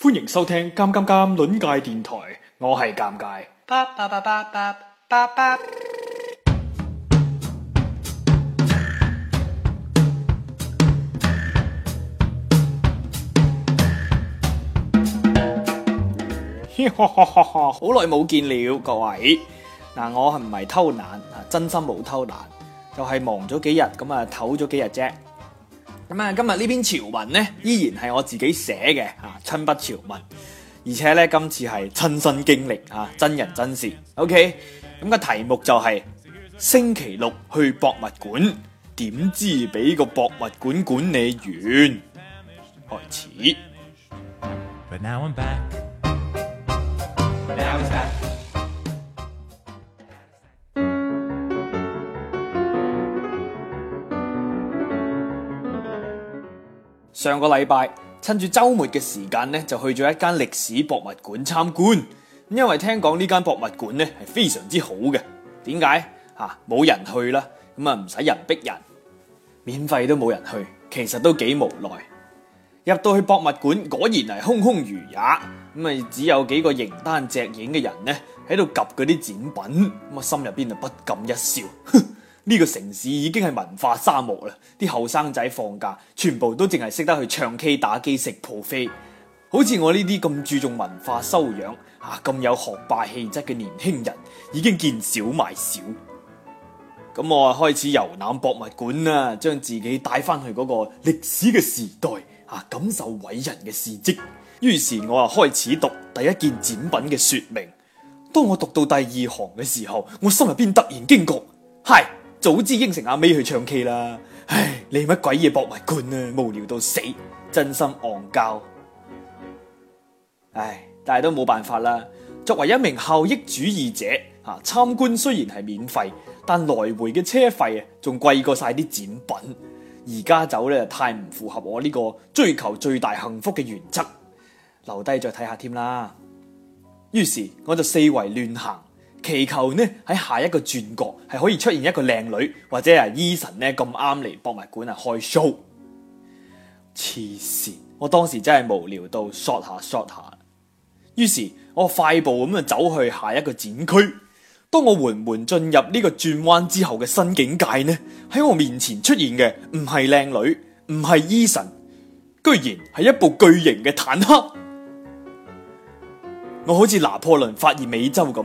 歡迎收聽《尷尷尷》尷尬電台，我係尷尬。哈哈哈哈！好耐冇見了，各位。嗱，我係唔係偷懶啊？真心冇偷懶，又係忙咗幾日，咁啊唞咗幾日啫。咁啊，今日呢篇潮文呢，依然係我自己寫嘅啊，親筆潮文，而且呢，今次係親身經歷啊，真人真事。OK，咁、嗯、個題目就係、是、星期六去博物館，點知俾個博物館管理員開除。But now 上個禮拜，趁住周末嘅時間咧，就去咗一間歷史博物館參觀。因為聽講呢間博物館咧係非常之好嘅，點解啊冇人去啦？咁啊唔使人逼人，免費都冇人去，其實都幾無奈。入到去博物館，果然係空空如也，咁啊只有幾個形單隻影嘅人咧喺度及嗰啲展品，咁啊心入邊就不禁一笑，哼。呢個城市已經係文化沙漠啦！啲後生仔放假全部都淨係識得去唱 K、打機、食 buffet，好似我呢啲咁注重文化修養啊咁有學霸氣質嘅年輕人已經見少買少。咁我啊開始遊覽博物館啦，將自己帶翻去嗰個歷史嘅時代啊，感受偉人嘅事跡。於是我啊開始讀第一件展品嘅說明。當我讀到第二行嘅時候，我心入邊突然驚覺，係。早知應承阿咪去唱 K 啦，唉，你乜鬼嘢博物館啊！無聊到死，真心戇鳩。唉，但係都冇辦法啦。作為一名效益主義者，啊，參觀雖然係免費，但來回嘅車費啊，仲貴過晒啲展品。而家走咧，太唔符合我呢個追求最大幸福嘅原則，留低再睇下添啦。於是我就四圍亂行。祈求呢喺下一個轉角係可以出現一個靚女，或者係 E 神呢咁啱嚟博物館啊開 show。黐線！我當時真係無聊到 shot 下 shot 下，於是我快步咁啊走去下一個展區。當我緩緩進入呢個轉彎之後嘅新境界呢，喺我面前出現嘅唔係靚女，唔係 E 神，居然係一部巨型嘅坦克。我好似拿破崙發現美洲咁。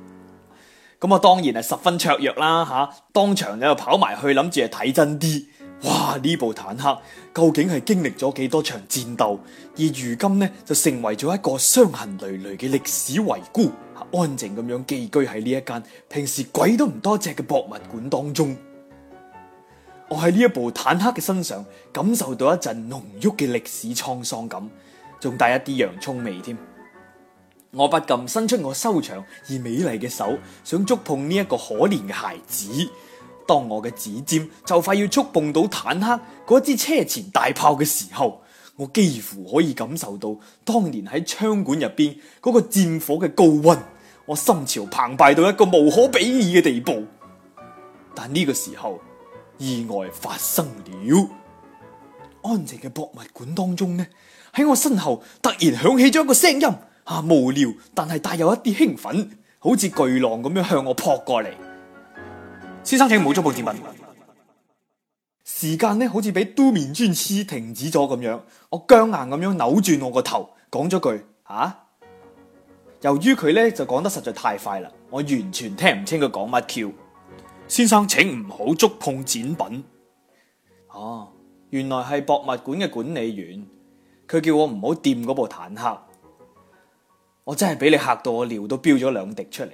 咁啊，我當然係十分雀躍啦嚇！當場你又跑埋去，諗住係睇真啲。哇！呢部坦克究竟係經歷咗幾多場戰鬥？而如今呢，就成為咗一個傷痕累累嘅歷史遺孤，啊、安靜咁樣寄居喺呢一間平時鬼都唔多隻嘅博物館當中。我喺呢一部坦克嘅身上感受到一陣濃郁嘅歷史滄桑感，仲帶一啲洋葱味添。我不禁伸出我修長而美麗嘅手，想觸碰呢一個可憐嘅孩子。當我嘅指尖就快要觸碰到坦克嗰支車前大炮嘅時候，我幾乎可以感受到當年喺槍管入邊嗰個戰火嘅高溫。我心潮澎湃到一個無可比擬嘅地步。但呢個時候，意外發生了。安靜嘅博物館當中呢，喺我身後突然響起咗一個聲音。啊！無聊，但係帶有一啲興奮，好似巨浪咁樣向我撲過嚟、啊。先生，請冇咗部展品，時間咧，好似俾都面磚痴停止咗咁樣。我僵硬咁樣扭轉我個頭，講咗句啊。由於佢咧就講得實在太快啦，我完全聽唔清佢講乜。叫先生，請唔好觸碰展品。哦、啊，原來係博物館嘅管理員，佢叫我唔好掂嗰部坦克。我真係俾你吓到，我尿都飆咗兩滴出嚟。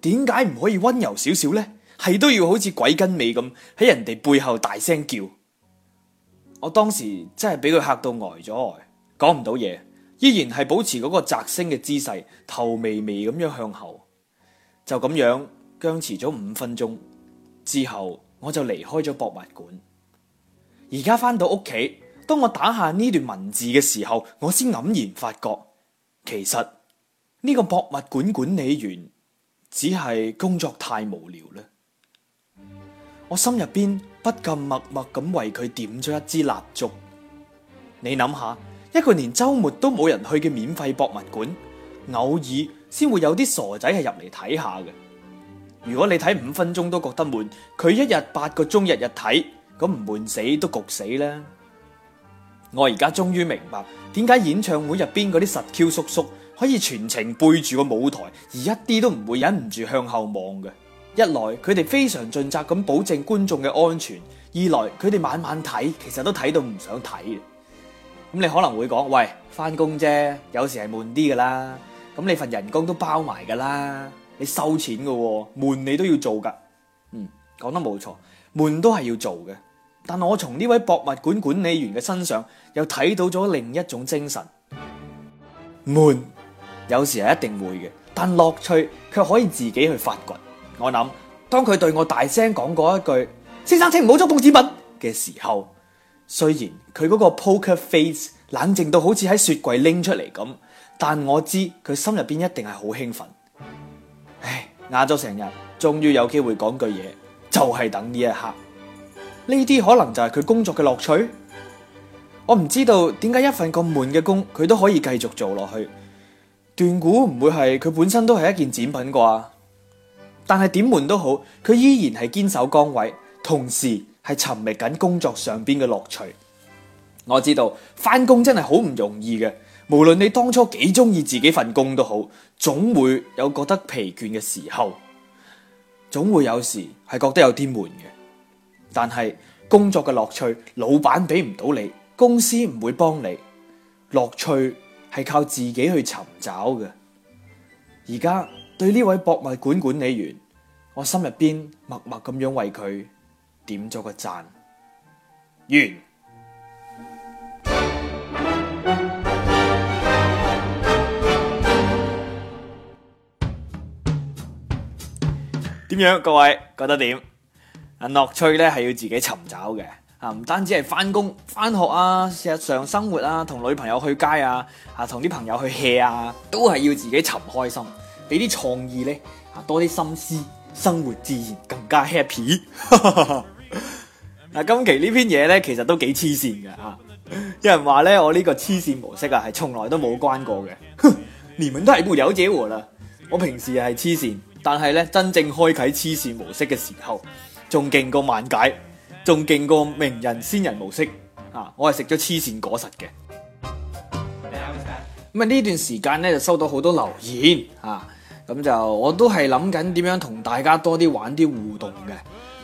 點解唔可以温柔少少呢？係都要好似鬼跟尾咁喺人哋背後大聲叫。我當時真係俾佢吓到呆咗，呆講唔到嘢，依然係保持嗰個嘖聲嘅姿勢，頭微微咁樣向後，就咁樣僵持咗五分鐘之後，我就離開咗博物館。而家翻到屋企，當我打下呢段文字嘅時候，我先黯然發覺。其實呢個博物館管理員只係工作太無聊啦，我心入邊不禁默默咁為佢點咗一支蠟燭。你諗下，一個連周末都冇人去嘅免費博物館，偶爾先會有啲傻仔係入嚟睇下嘅。如果你睇五分鐘都覺得悶，佢一日八個鐘日日睇，咁唔悶死都焗死啦。我而家終於明白點解演唱會入邊嗰啲實 Q 叔叔可以全程背住個舞台，而一啲都唔會忍唔住向後望嘅。一來佢哋非常盡責咁保證觀眾嘅安全；二來佢哋晚晚睇，其實都睇到唔想睇。咁你可能會講：喂，返工啫，有時係悶啲㗎啦。咁你份人工都包埋㗎啦，你收錢㗎喎，哦，悶你都要做㗎。嗯，講得冇錯，悶都係要做嘅。但我從呢位博物館管理員嘅身上又睇到咗另一種精神。悶，有時係一定會嘅，但樂趣卻可以自己去發掘。我諗，當佢對我大聲講過一句“先生，請唔好觸碰展品”嘅時候，雖然佢嗰個 poker face 冷靜到好似喺雪櫃拎出嚟咁，但我知佢心入邊一定係好興奮。唉，壓咗成日，終於有機會講句嘢，就係等呢一刻。呢啲可能就係佢工作嘅樂趣，我唔知道點解一份咁悶嘅工佢都可以繼續做落去。斷估唔會係佢本身都係一件展品啩？但係點悶都好，佢依然係堅守崗位，同時係沉迷緊工作上邊嘅樂趣。我知道翻工真係好唔容易嘅，無論你當初幾中意自己份工都好，總會有覺得疲倦嘅時候，總會有時係覺得有啲悶嘅。但係工作嘅樂趣，老闆俾唔到你，公司唔會幫你。樂趣係靠自己去尋找嘅。而家對呢位博物館管理員，我心入邊默默咁樣為佢點咗個讚。完。點樣？各位覺得點？啊，樂趣咧係要自己尋找嘅，啊唔單止係翻工、翻學啊、日常生活啊、同女朋友去街啊、啊同啲朋友去 hea 啊，都係要自己尋開心，俾啲創意咧，啊多啲心思，生活自然更加 happy。嗱， 今期篇呢篇嘢咧，其實都幾黐線嘅，啊有 人話咧，我呢個黐線模式啊，係從來都冇關過嘅， 連名都係沒有者啦。我平時係黐線，但係咧真正開啟黐線模式嘅時候，仲勁過卍解，仲勁過鳴人仙人模式啊！我係食咗黐線果實嘅。咁啊呢段時間咧就收到好多留言啊，咁就我都係諗緊點樣同大家多啲玩啲互動嘅，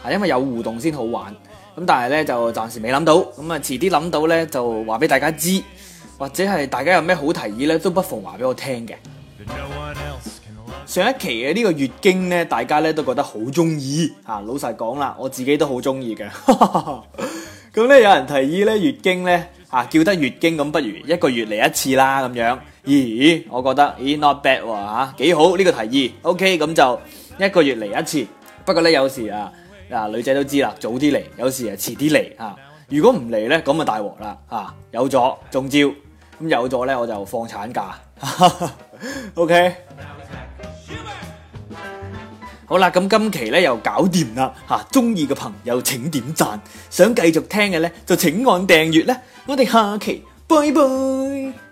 係、啊、因為有互動先好玩。咁、啊、但係咧就暫時未諗到，咁啊遲啲諗到咧就話俾大家知，或者係大家有咩好提議咧，都不妨話俾我聽嘅。上一期嘅呢個月經呢，大家咧都覺得好中意吓。老實講啦，我自己都好中意嘅。咁呢，有人提議呢月經呢，吓、啊、叫得月經咁，不如一個月嚟一次啦咁樣。咦，我覺得咦，not bad 喎、啊、吓，幾好呢個提議。OK，咁就一個月嚟一次。不過呢，有時啊啊女仔都知啦，早啲嚟，有時遲啊遲啲嚟吓。如果唔嚟呢，咁啊大鑊啦吓。有咗中招，咁有咗呢，我就放產假。哈哈 OK。好啦，咁今期呢又搞掂啦，吓，中意嘅朋友請點讚，想繼續聽嘅呢就請按訂閱啦。我哋下期拜拜。